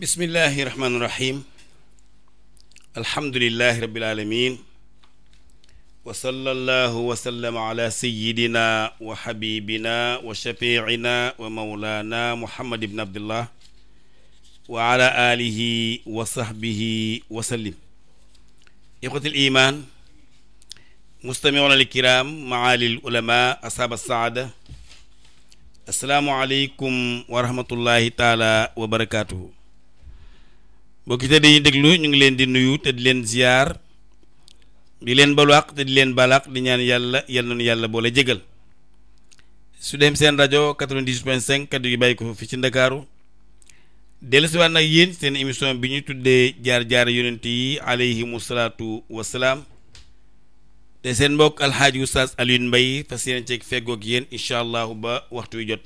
bismillahi rahmaani rahim alhamdulillahi rabbil alamin wa sallallahu wa sallama ala sayyidina wa habibina wa shafiicina wa mawlana muhammad ibn abdullah wa ala alihi wa sahbihi wa sallim ixwatil iman mustamiuna alkiram maali ulama ashaab saada assalaamu aleykum wa rahmatullahi taala wa barakatuhu mbokk te dañuy déglu ñu ngi leen di nuyu te di leen ziyaar di leen balwaq te di leen balaq di ñaan yàlla yal nañu yàlla boole jégal su dem seen rajo 98.5 kaddu gi bàyyi ko fi ci ndakaaru dellusiwaat nag yéen seen émission bi ñu tuddee jaar-jaar yonent yi aleyhimu salaatu wasalaam te seen mbokk alxaaji oustaz Alioune Mbaye fas yéene ceeg feggoog yéen incha allahu ba waxtu wi jot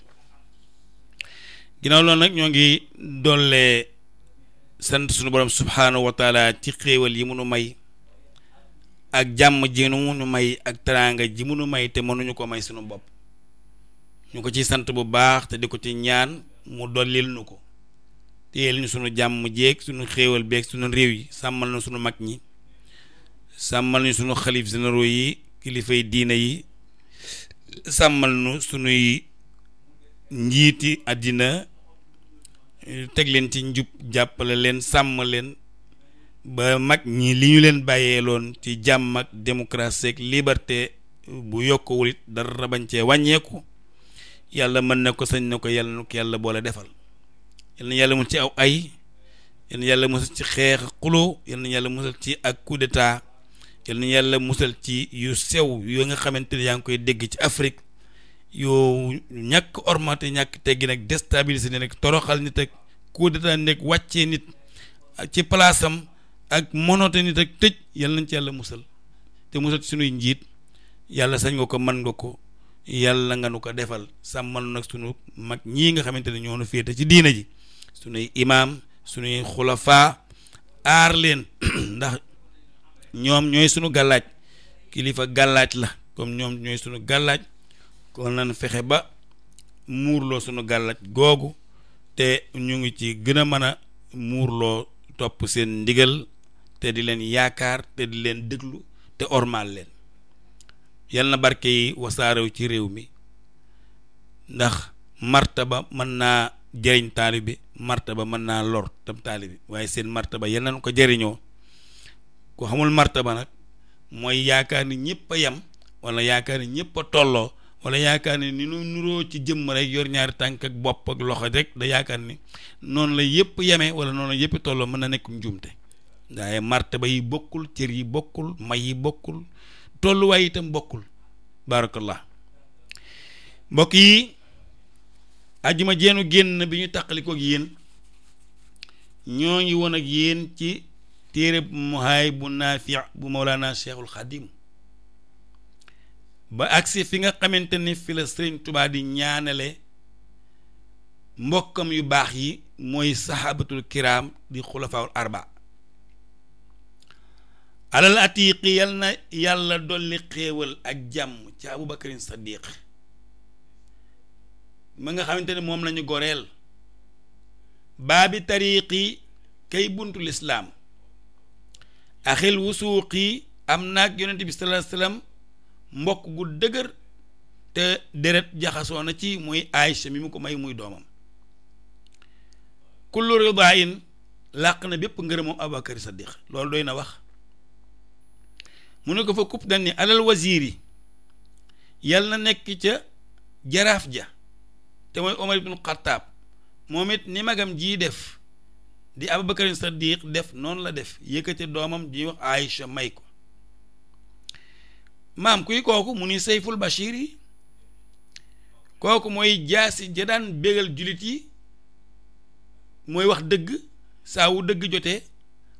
ginnaaw loolu nag ñoo ngi doole sant suñu borom subhaanahu wa ci xéewal yi mu nu may ak jàmm ji nu nu may ak teraanga ji mu nu may te mënuñu ko may sunu bopp ñu ko ci sant bu baax te di ko ci ñaan mu dollil nu ko téyel ñu suñu jàmm jéeg suñu xéewal beeg suñu réew yi sàmmal na suñu mag ñi sàmmal ñu suñu xalif généraux yi kilifay diina yi sàmmal nu suñuy njiiti àddina teg leen ci njub jàppale leen sàmm leen ba mag ñi li ñu leen bàyyeeloon ci jàmm ak démocratie liberté bu yokkuwul it dara bañ cee wàññeeku yàlla mën na ko sañ na ko yàlla na ko yàlla boole defal yàlla mu ci aw ay yàlla musal ci xeex xuloo yal na yàlla musal ci ak coup d'état yàlla musal ci yu sew yoo nga xamante ne yaa ngi koy dégg ci Afrique yow ñàkk ormate ñàkk teggi nag déstabiliser ni rek toroxal nit ak coup d'état nekk wàcce nit ci palaasam ak monote nit ak tëj yàlla nañ ci yàlla musal te musal ci sunuy njiit yàlla sañ nga ko man nga ko yàlla nga nu ko defal sàmmal nag sunu mag ñii nga xamante ne ñoo nu féete ci diina ji sunuy imaam sunuy xulafaa aar leen ndax ñoom ñooy sunu gàllaaj kilifa gàllaaj la comme ñoom ñooy sunu gàllaaj kon nan fexe ba muurloo sunu gàllaj googu te ñu ngi ci gën a mën a muurloo topp seen ndigal te di leen yaakaar te di leen déglu te ormaal leen yal na barke yi wasaarew ci réew mi ndax martaba mën naa jëriñ taalibe martaba mën naa lor tam bi waaye seen martaba yal nañ ko jëriñoo ku xamul martaba nag mooy yaakaar ni ñëpp a yem wala yaakaar ni ñëpp tolloo wala yaakaar ne ni nu nuroo ci jëmm rek yor ñaari tànk ak bopp ak loxo rek da yaakaar ni noonu la yëpp yeme wala noonu la yëpp tolloo mën na nekk njuumte waaye martaba yi bokkul cër yi bokkul may yi bokkul tolluwaay itam bokkul barakallah mbokk yi ajuma jeenu génn bi ñu tàqalikook yéen ñoo ngi woon ak yéen ci téere bu muhaay bu naafi bu mawlaana cheikhul xadim ba agsi fi nga xamante ni fi la sëriñ tubaa di ñaanale mbokkam yu baax yi mooy saxaabatul kiram di xulafaawul arba alal atiiqi yal na yàlla dolli xéewal ak jàmm ci abubakarin saddiq ma nga xamante ne moom lañu goreel baabi tariiqi kay buntu lislaam axil wusuuqi am naag yonent bi sallallahu alayhi mbokk gu dëgër te deret jaxasoo na ci muy Aïcha mi mu ko may muy doomam kullu ridain làq na bépp ngërëm moom Abubakar Saddiq loolu doy na wax mu ne ko fa kupp dañ ni alal wasiir yi yal na nekk ca jaraaf ja te mooy Omar ibnu Xattaab moom it ni magam ji def di Abubakar Saddiq def noonu la def yëkkate doomam di wax Aïcha may ko maam kuy kooku mu ni sayful bashir yi kooku mooy jaasi ja daan bégal jullit yi mooy wax dëgg saa wu dëgg jotee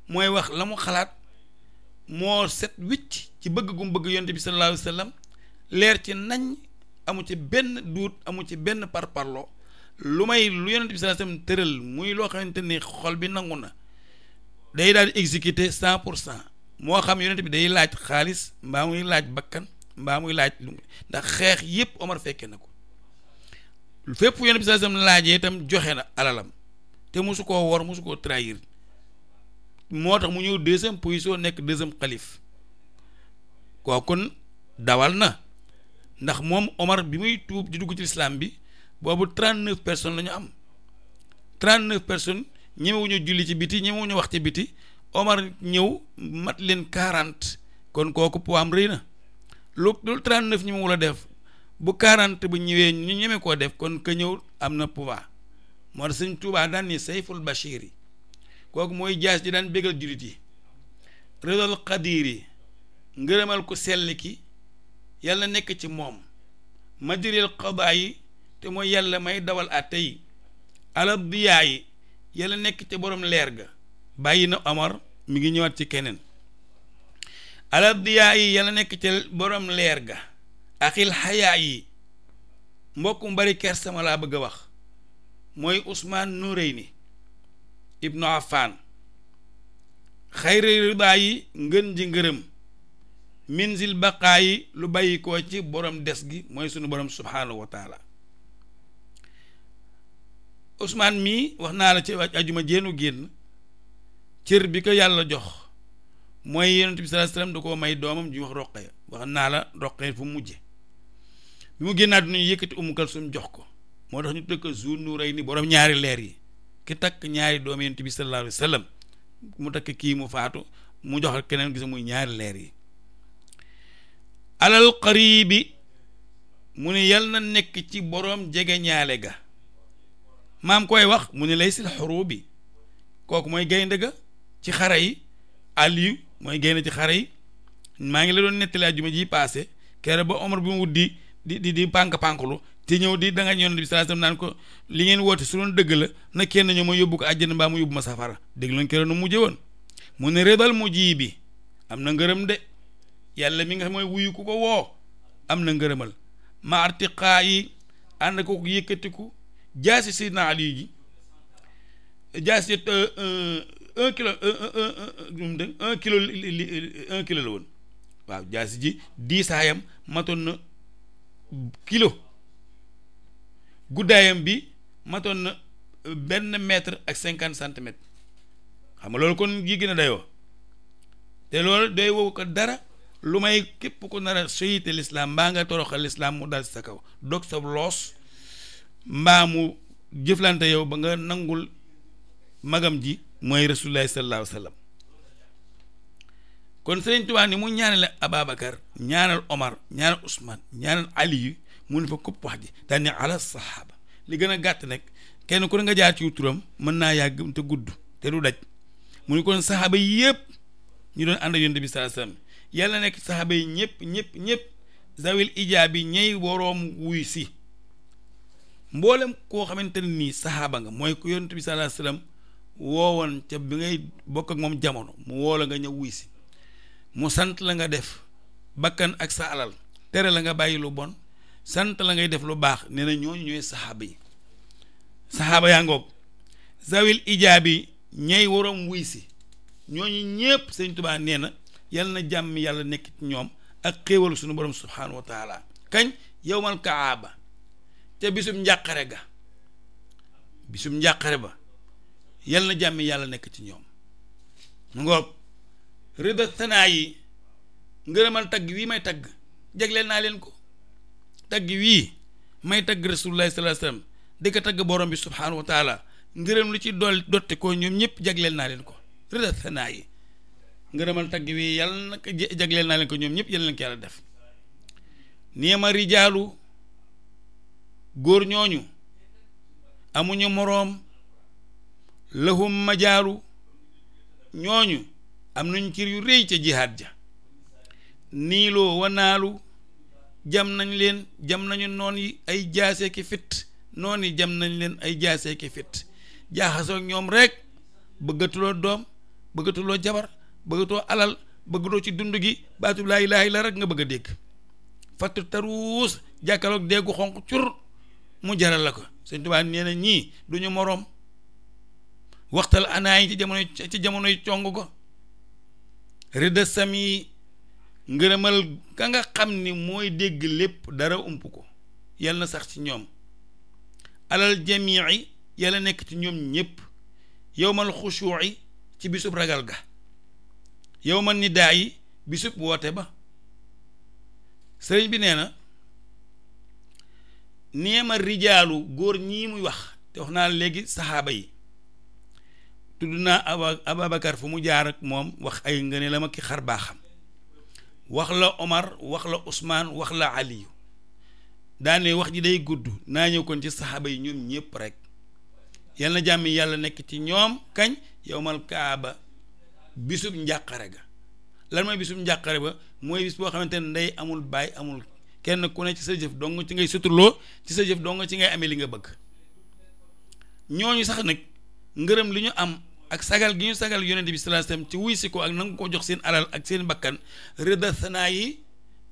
mooy wax la mu xalaat moo set wicc ci bëgg gum bëgg yonte bi sallallahu alayhi wa sallam leer ci nañ amu ci benn duut amu ci benn parparloo lu may lu yonent bi sallallahu alayhi tëral muy loo xamante ni xol bi nangu na day daal di exécuter cent pour cent moo xam yonent bi day laaj xaalis mbaa muy laaj bakkan mbaa muy laaj lu ndax xeex yépp Omar fekke na ko fépp yonent bi sallallahu alayhi laajee itam joxe na alalam te mosu koo wor mosu koo trahir moo tax mu ñëw deuxième position nekk deuxième xalif kon dawal na ndax moom Omar bi muy tuub di dugg ci lislaam bi boobu trent neuf personnes la am trente neuf personnes ñemewuñu julli ci biti ñemewuñu wax ci biti Omar ñëw mat leen quarante kon kooku poam rëy na lu lu trente neuf ñi mu la def bu quarante bu ñëwee ñu ñeme koo def kon ka ñëw am na pouvoir moo tax sëñ Tuubaa daan ni sayful bachir yi kooku mooy jaas ji daan bégal jullit yi redal xadiir yi ngërëmal ku sell ki yàlla nekk ci moom majril qadaa yi te mooy yàlla may dawal àtte yi alal diyaa yi yàlla nekk ci borom leer ga bàyyi na Omar mi ngi ñëwaat ci keneen aladiyaa yi yàlla nekk ca boroom leer ga axil xayaa yi mbokk mu bari kersama laa bëgg a wax mooy Ousmane ni ibnu Affan xayri ridaa yi ngën ji ngërëm minzil baqaa lu bàyyi ko ci boroom des gi mooy sunu borom subhaanahu wa taala mii wax naa la ci ajuma jéenu génn cër bi ko yàlla jox mooy yonent bi sallallahu koo may doomam ju wax roqee wax naa la roqee fu mujje bi mu génnaat du ñu yëkkati Umu Kalsum jox ko moo tax ñu tëkk Zu Nurayni boroom ñaari leer yi ki takk ñaari doom yonent bi sallallahu alayhi wasallam mu takk kii mu faatu mu jox keneen gis muy ñaari leer yi alal qaribi mu ne yal na nekk ci boroom jege ñaale ga maam koy wax mu ne lay sil bi kooku mooy gaynde ga ci xare yi Aliou mooy génn ci xare yi maa ngi la doon nettali àjjuma ji paase kere ba Omar bi mu wut di di di di pànk pànklu te ñëw di danga yonent bi sallallahu alayhi naan ko li ngeen woote su doon dëgg la na kenn ñëw ma yóbbu ko àjjana mbaa mu yóbbu ma safara dégg lañ kere nu mujje woon mu ne redal mu ji bi am na ngërëm de yàlla mi nga xam mooy wuyu ko woo am na ngërëmal ma artiqaa yi ànd ko yëkkatiku jaasi sidna Aliou ji jaasi euh, euh, un kilo un un kilo la woon waaw jaasi ji diisaayam matoon na kilo guddaayam bi matoon na euh, benn mètre ak cinquante centimètres xam nga loolu kon gi gën a dayoo te loolu day wow ko dara lu may képp ko nar a soyite lislaam mbaa nga toroxal lislaam mu daal si sa kaw dog sa loos mbaa mu jëflante yow ba nga nangul magam ji mooy rasulullahi sallallahu alayhi kon sëriñ Tuubaa ni mu ñaanale Ababacar ñaanal Omar ñaanal Ousmane ñaanal Aliyu mu ne fa këpp wax ji daan ne saxaaba li gën a gàtt nag kenn ku ne nga jaar ci turam mën naa yàgg te gudd te du daj mu ne kon saxaaba yëpp ñu doon ànd ak yonent bi sallallahu alayhi wa sallam yàlla saxaaba yi ñëpp ñëpp ñëpp zawil ijaabi ñey woroom wuy si mboolem koo xamante ne nii saxaaba nga mooy ku yonent bi sallallahu alayhi wa woowoon ca bi ngay bokk ak moom jamono mu woo la nga ñëw wuy si mu sant la nga def bakkan ak sa alal tere la nga bàyyi lu bon sant la ngay def lu baax nee na ñooñu ñooy saxaaba yi saxaaba yaa ngoog zawil ijaabi ñay waroom wuy si ñooñu ñépp sëñ tubaa nee na yal na jàmm yàlla nekk ñoom ak xéewalu sunu borom subhaanahu wa taala kañ yowmal kaaba te bisum njàqare ga bisum njàqare ba yal na jàmmi yàlla nekk ci ñoom mu ngoog rida sanaa yi ngërëmal tagg wii may tagg jagleel naa leen ko tagg wii may tagg rasulullahi sallallahu alayhi wasallam tagg borom bi subhaanahu wa taala ngërëm lu ci dool dotti ko ñoom ñëpp jagleel naa leen ko rida sanaa yi ngërëmal tagg wii yàlla na ko jagleel naa leen ko ñoom ñëpp yal leen ko yàlla def niema rijaalu góor ñooñu amuñu moroom lahum majaaru ñooñu am nañ cër yu rëy ca jihaad ja niiloo wanaalu jam nañ leen jam nañu noon yi ay jaasee ki fit noon yi jam nañ leen ay jaasee ki fit jaaxasoo ñoom rekk bëggatuloo doom bëggatuloo jabar bëggatoo alal bëggatoo ci dund gi baatub laa ilaaha illa rek nga bëgg a dégg fatt taruus jàkkaloog déggu xonq cur mu jaral la ko Sëñ Tuubaa nee na ñii duñu moroom waxtal anaay ci jamonoy ci jamonoy cong ko rida sami ngërëmal ka nga xam ni mooy dégg lépp dara ump ko yàlla na sax ci ñoom alal jamii yàlla nekk ci ñoom ñépp yowmal xushuuci ci bisub ragal ga yowmal nidaa yi bisub woote ba sëriñ bi nee na neema rijaalu góor ñii muy wax te wax naa léegi saxaaba yi tudd naa aba Ababacar fu mu jaar ak moom wax ay nga ne la ma ki xar baaxam wax la Omar wax la Ousmane wax la Aliyu daane wax ji day gudd naa ñëw kon ci saxaaba yi ñoom ñëpp rek yal jàmm yàlla nekk ci ñoom kañ yowmal kaaba bisub njàqare ga lan mooy bisub njàqare ba mooy bis boo xamante ne ndey amul baay amul kenn ku ne ci sa jëf dong ci ngay suturloo ci sa jëf dong ci ngay ame li nga bëgg ñooñu sax nag. ngërëm li ñu am ak sagal gi ñu sagal yonent bi sallallahu alayhi ci wuy si ko ak nangu ko jox seen alal ak seen bakkan rëdda sanaa yi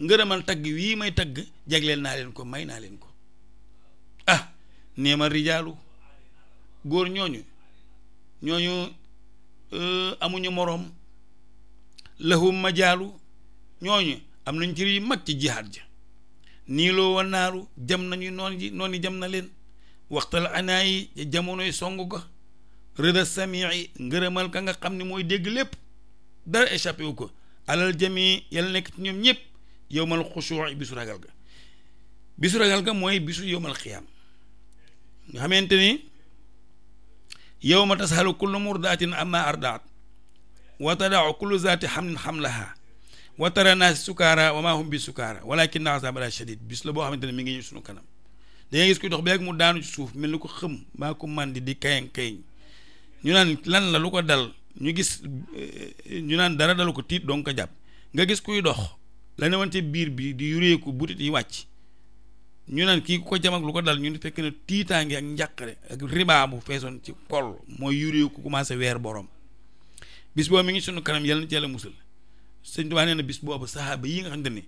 ngërëmal tagg wii may tagg jagleel naa leen ko may naa leen ko ah neema rijaalu góor ñooñu ñooñu euh, amuñu moroom lahum majaalu ñooñu am nañ cër yu mag ci jihaad ja niiloo wa naaru jam nañu noon ji noon yi jam na leen waxtal anaa yi jamonoy song ko rida samii ngërëmal ka nga xam ni mooy dégg lépp dara échappé wu ko alal jamii yàlla nekk ci ñoom ñëpp yowmal xushuuci bisu ga bisu ragal ga mooy bisu yowmal xiyaam nga xamante ni yowma tashalu kullu murdaatin amma ardaat wa tadaau kullu zaati xamlin xamlaha wa tara naas sukaara wa maa hum bi sukaara walakin azaabala shadid bis la boo xamante ne mi ngi ñu sunu kanam da ngay gis kuy dox beeg mu daanu ci suuf mel ni ko xëm maa ko man di di kayan ñu naan lan la lu ko dal ñu gis eh, ñu naan dara dalu ko tiit doo ko jàpp nga gis kuy dox la newante biir bi di yureeku butit yi wàcc ñu naan kii ku ko jam ak lu ko dal ñu ni fekk na tiitaange ak njàqare ak ribaa bu feesoon ci xol mooy yureeku commencé weer borom bis boobu mi ngi sunu kanam yal na ci yàlla musal sëñ Tuubaa nee na bis boobu saxaaba yi nga xam ni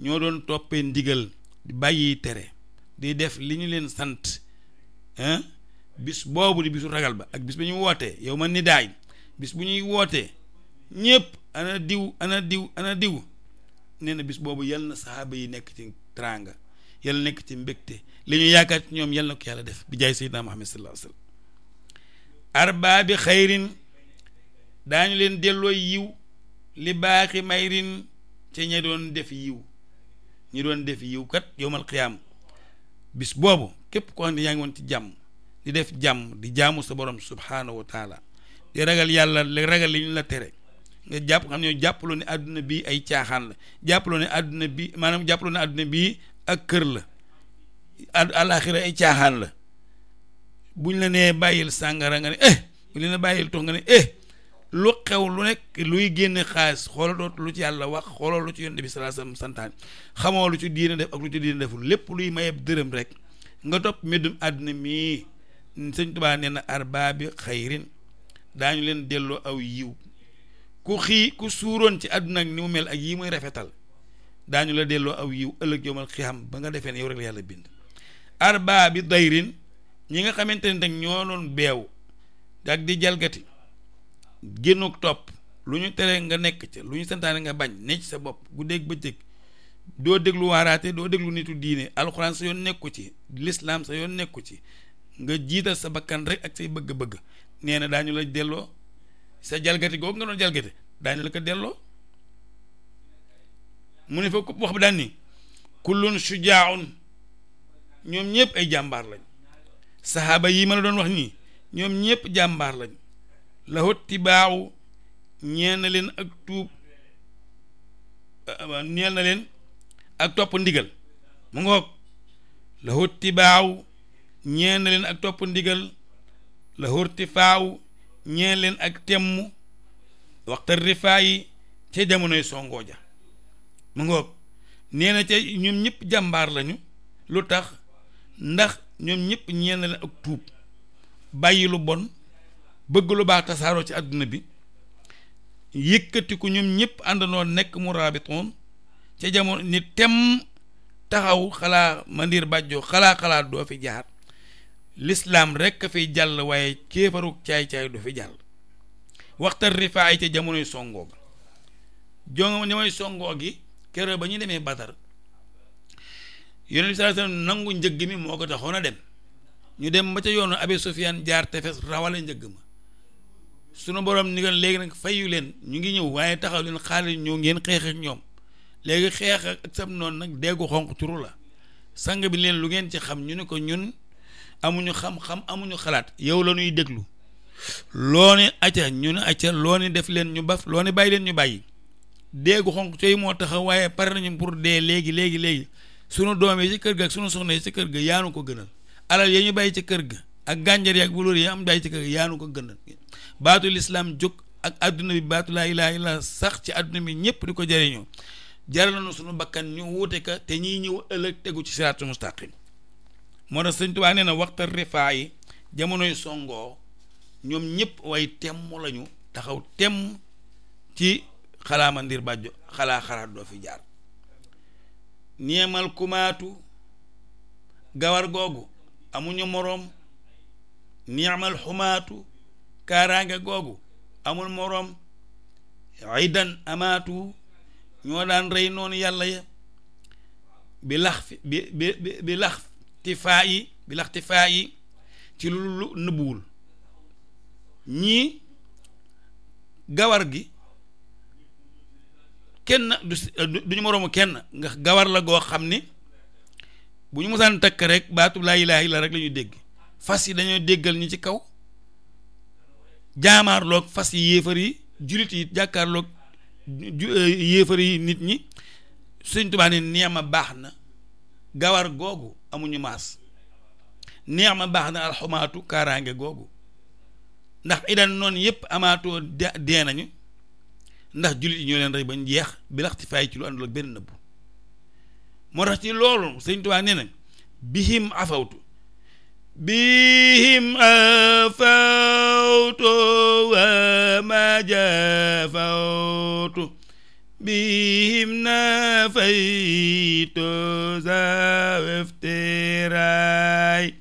ñoo doon toppee ndigal di bàyyi tere di def li ñu leen sant hein bis boobu di bisu ragal ba ak bis bi ñu wootee yow man ni daay bis bu ñuy wootee ñëpp ana diw ana diw ana diw nee na bis boobu yal na saxaaba yi nekk ci teraanga yal na nekk ci mbégte li ñu yaakaar ci ñoom yal na ko yàlla def bi jaay sayyidina Muhammad sallallahu alayhi wa sallam arbaabi xayrin daañu leen delloo yiw li baaxi mayrin ci ña doon def yiw ñu doon def yiw kat yowmal qiyaam bis boobu képp ko xam ne yaa ngi woon ci jàmm di def jàmm di jaamu sa borom subhaanahu wa taala di ragal yàlla ragal li la tere nga jàpp xam ne jàppaloo ne àdduna bi ay caaxaan la jàppaloo ne àdduna bii maanaam jàppaloo ne bii ak kër la àlaxira ay caaxaan la buñ la nee bàyyil sàngara nga ne eh buñ la nee bàyyil tox nga ne eh lu xew lu nekk luy génn xaalis xoolaloo lu ci yàlla wax xooloo lu ci yonent bi sallallahu alayhi wasallam xamoo lu ci diina def ak lu ci diina deful lépp luy mayeb dërëm rek nga topp mbindum àdduna mii sëñ tubaa nee na arbaabi xayrin daañu leen delloo aw yiw ku xii ku suuroon ci àdduna ak ni mu mel ak yi muy rafetal daañu la delloo aw yiw ëllëg yowmal xiyaam ba nga defee ne yow rek la yàlla bind arbaabi dayrin ñi nga xamante ne nag ñoo doon beew ak di jalgati génnuk topp lu ñu tere nga nekk ca lu ñu santaane nga bañ ne ci sa bopp guddeeg bëccëg doo déglu waaraate doo déglu nitu diine alxuraan sa yoon nekku ci lislaam sa yoon nekku ci nga jiital sa bakkan rek ak say bëgg-bëgg nee na daañu la delloo sa jalgati googu nga doon jalgati daañu la ko delloo mu ne fa ku wax bi daan ni kullun sujaaun ñoom ñëpp ay jàmbaar lañ saxaaba yi ma la doon wax nii ñoom ñëpp jàmbaar lañ lahu tibaawu ñeel na leen ak tuub ñeel na leen ak topp ndigal mu ngoog lahu tibaawu ñeel leen ak topp ndigal la hurti faaw ñeel leen ak temm waxta rifaa ca jamonoy songoo ja mu ngoog nee ca ñoom ñëpp jàmbaar lañu lu tax ndax ñoom ñëpp ñeel na leen ak tuub bàyyi lu bon bëgg lu baax tasaaroo ci àdduna bi yëkkatiku ko ñoom ñëpp àndandoo nekk mu raabitoon ca jamono ni temm taxaw xalaa mandir bàjjoo xalaa xalaa doo fi jaar lislaam rekk a fiy jàll waaye kéefaruk caay-caay du fi jàll waxta rifaa yi ca jamonoy songoo ga jonga jamonoy songoo gi keroog ba ñu demee Badar yonent bi sallallahu alayhi wasallam nangu njëgg mi moo ko a dem ñu dem ba ca yoonu Abi Sufyaan jaar tefes rawale njëgg ma sunu borom ni kon léegi nag fayu leen ñu ngi ñëw waaye taxaw leen xaalis ñoo ngeen xeex ñoom léegi xeex ak sam noonu nag déggu xonq turu la sang bi leen lu ngeen ci xam ñu ne ko ñun amuñu xam-xam amuñu xalaat yow lañuy ñuy déglu loo ne acca ñu ne acca loo ne def leen ñu baf loo ne bàyyi leen ñu bàyyi déegu xonq coy moo taxaw waaye pare nañu pour dee léegi léegi léegi sunu doom yi ci kër ga ak sunu soxna yi ci kër ga yaanu ko gënal alal ya ñu bàyyi ci kër gi ak gànjar yi ak bulóor yi am bàyyi ci kër ga yaanu ko gënal baatu lislaam jóg ak adduna bi baatu laa ilaaha illa sax ci àdduna bi ñëpp di ko jëriñoo jaral nañu sunu bakkan ñu wuute ka te ñiy ñëw ëllëg tegu ci siraatu moo tax sëñ Tuubaa nee na waxta rifaa jamonoy songoo ñoom ñëpp way temm lañu taxaw temm ci xalaa mandir bàjjo xalaa xaraat doo fi jaar niemal kumaatu gawar googu amuñu moroom niemal xumaatu kaaraange googu amul moroom aydan amaatu ñoo daan rey noonu yàlla ya bi lax fi bi bi bi lax ixtifaa yi bi laxtifaa yi ci lu nëbbuwul ñii gawar gi kenn du duñu moroomu kenn nga gawar la goo xam ni bu ñu mosaan takk rek baatu laa ilaaha illa rek lañu dégg fas yi dañoo déggal ñi ci kaw jaamaarloog fas yi yéefar yi jullit yi jàkkaarloog euh, yéefar yi nit ñi Sëñ Tuubaa ne neema baax na gawar googu amuñu maas neex ma baax na alxumaatu kaaraange googu ndax idan noonu yëpp amaatoo dee nañu ndax jullit yi ñoo leen rey bañ jeex bi laxti ci lu àndul benn nëbbu moo tax ci loolu sëñ Tuubaa nee na bihim afawtu bihim afawtu wa majafawtu بهم نافيت ذا افتراي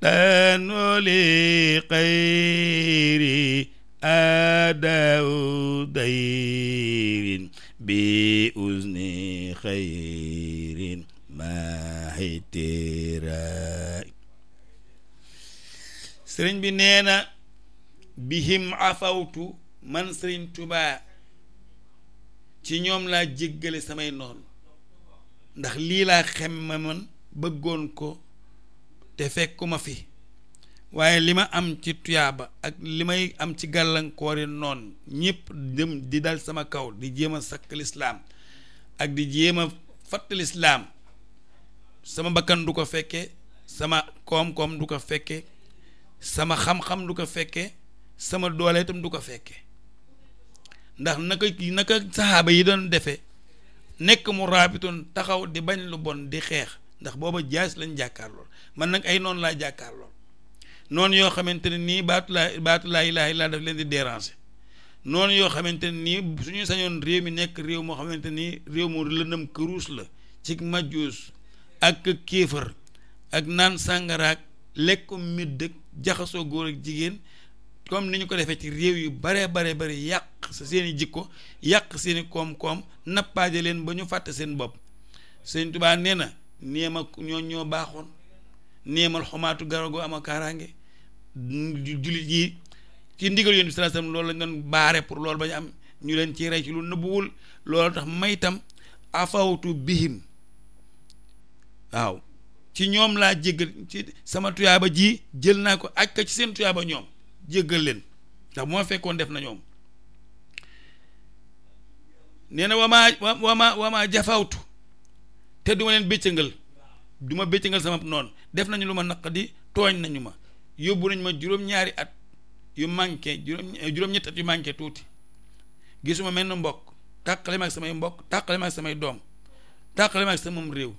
تنولي قيري أدو دير بأذن خير ما احتراي sëriñ bi nee na bihim afawtu man sëriñ Tuubaa ci ñoom laa jéggale samay noon ndax lii laa xem ma man bëggoon ko te fekkuma fi waaye li ma am ci tuyaaba ak li may am ci gàllankoori noon ñépp dem di dal sama kaw di jéem a sakk lislaam ak di jéem a fatt lislaam sama bakkan du ko fekke sama koom-koom du ko fekke sama xam-xam du ko fekke sama doole du ko fekke ndax naka naka saxaaba yi doon defee nekk mu raabitun taxaw di bañ lu bon di xeex ndax booba jaas lañ jàkkaar lool man nag ay noon laa jàkkaar lool noonu yoo xamante ne nii baatu laa baatu laa ilaaha illallaa daf leen di déranger noonu yoo xamante ne nii suñu sañoon réew mi nekk réew moo xamante nii réew mu lëndëm këruus la ci majjuus ak kéefër ak naan sàngaraak lekku midd ak jaxasoo góor ak jigéen comme ni ñu ko defee ci réew yu bare bare bare yàq sa seeni i jikko yàq seeni i koom-koom nappaaje leen ba ñu fàtte seen bopp sëñ Tuubaa nee na néema ñoo ñoo baaxoon néemal xomaatu garago a kaaraange jullit yi ci ndigal yoon bi sallallahu loolu lañ doon baare pour loolu ba am ñu leen ci rey ci lu nëbbuwul loolu tax maytam afawtu bihim waaw ci ñoom laa jéggal ci sama tuyaaba ji jël naa ko ak ci seen tuyaaba ñoom jéggal leen ndax bu ma fekkoon def na ñoom nee na wamaa wamaa wamaa jafawtu te duma leen bëccëngal duma bëccëngal sama noonu def nañu lu ma naq di tooñ nañu ma yóbbu nañu ma juróom-ñaari at yu manqué juróom juróom-ñetti at yu manqué tuuti gisuma menn mbokk tàqale ma ak samay mbokk tàqale ma ak samay doom tàqale ma ak sama réew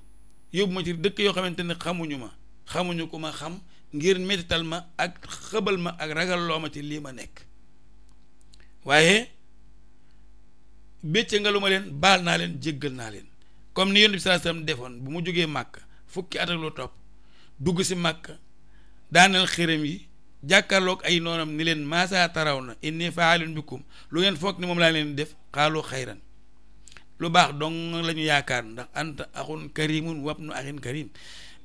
yóbbu ma ci dëkk yoo xamante ne xamuñu ma xamuñu ko ma xam ngir métital ma ak xëbal ma ak ragalloo ma ci lii ma nekk waaye bécce nga lu ma leen baal naa leen jéggal naa leen comme ni yonent bi sallallahu alayhi defoon bu mu jógee màkk fukki at ak lu topp dugg si màkk daaneel xërëm yi jàkkaarloog ay noonam ni leen maasaa taraw na inni faalun bikum lu ngeen foog ni moom laa leen def xaalu xayran lu baax dong lañu yaakaar ndax anta axun karimun wabnu axin karim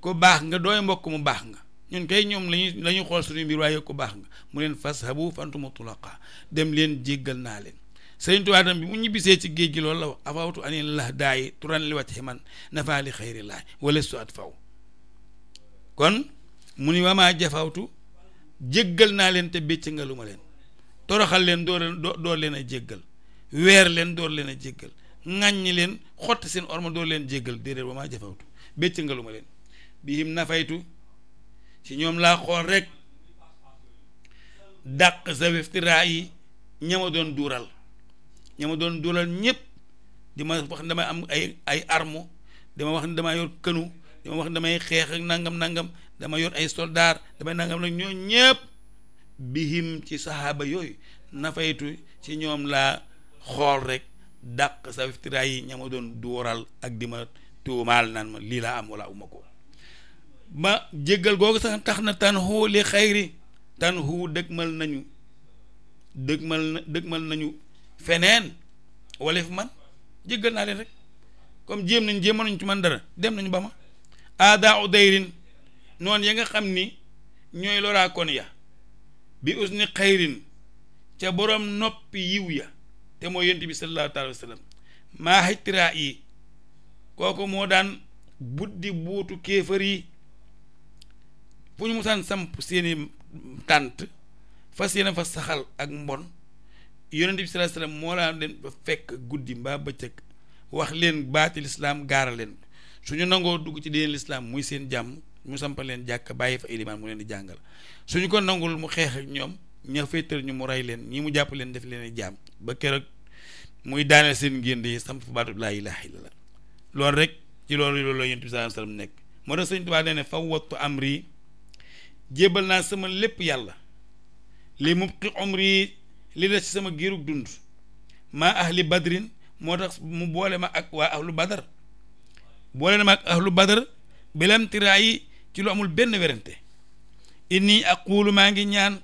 ko baax nga dooy mbokk mu baax nga ñun kay ñoom lañuy la ñuy xool suñu mbir waaye ko baax nga mu leen fashabu fa antuma tulaqa dem leen jéggal naa leen sëriñ Tuubaa tam bi mu ñibbisee ci géej gi loolu la wax afawtu anil lah daayi turan li wàcc man nafaa li xayri laay wala su at wamaa jafawtu jéggal naa leen te bécc ma leen toroxal leen door door leen a weer leen door leen a jéggal ŋàññi leen xotti seen orma door leen jéggal déedéet wamaa jafawtu bécc nga lu ma leen bihim nafaytu ci ñoom laa xool rek dàq sa weftiraa yi ñama doon duural ñama doon duural ñëpp di ma wax ne damay am ay ay arme dama wax ne damay yor kënu dama wax ne damay xeex ak nangam nangam dama yor ay soldaar damay nangam nag ñoo ñëpp bihim ci saxaaba yooyu nafaytu ci ñoom laa xool rek dàq sa weftiraa yi ñama doon duural ak di ma tuumaal naan ma lii laa am wala uma ko ba jéggal googu sax tax na tan xuu li xayri tan xuu dëgmal nañu dëgmal na dëgmal nañu feneen walif man jéggal naa leen rek comme jéem nañ jéem nañ ci man dara dem nañu ba ma aada u noon noonu ya nga xam ni ñooy loraakoon ya bi usni xayrin ca boroom noppi yiw ya te mooy yent bi sallallahu alayhi wa sallam yi kooku moo daan buddi buutu kéefër yi fu ñu musaan samp seeni tànt fas yéene fa saxal ak mbon yonent bi sallallahu alayhi wasallam moo laa leen ba fekk guddi mbaa bëccëg wax leen baati lislaam gaara leen suñu nangoo dugg ci diine lislaam muy seen jàmm mu sampal leen jàkk bàyyi fa ilimaan mu leen di jàngal suñu ko nangul mu xeex ak ñoom ña féetal ñu mu rey leen ñi mu jàpp leen def leen jàmm ba keroog muy daaneel seen ngénde yi samp baatu laa ilaaha illallah loolu rek ci loolu loolu la yonent bi sallallahu alayhi wasallam nekk moo tax sëñ Tuubaa nee ne fawwattu jébbal naa sama lépp yàlla li mubqi umri li de ci sama giirug dund maa ahli badrin moo tax mu boole ma ak waa ahlu badar boole na ma ak ahlu badar bilam tiraayi ci benn werante inni aqulu maa ngi ñaan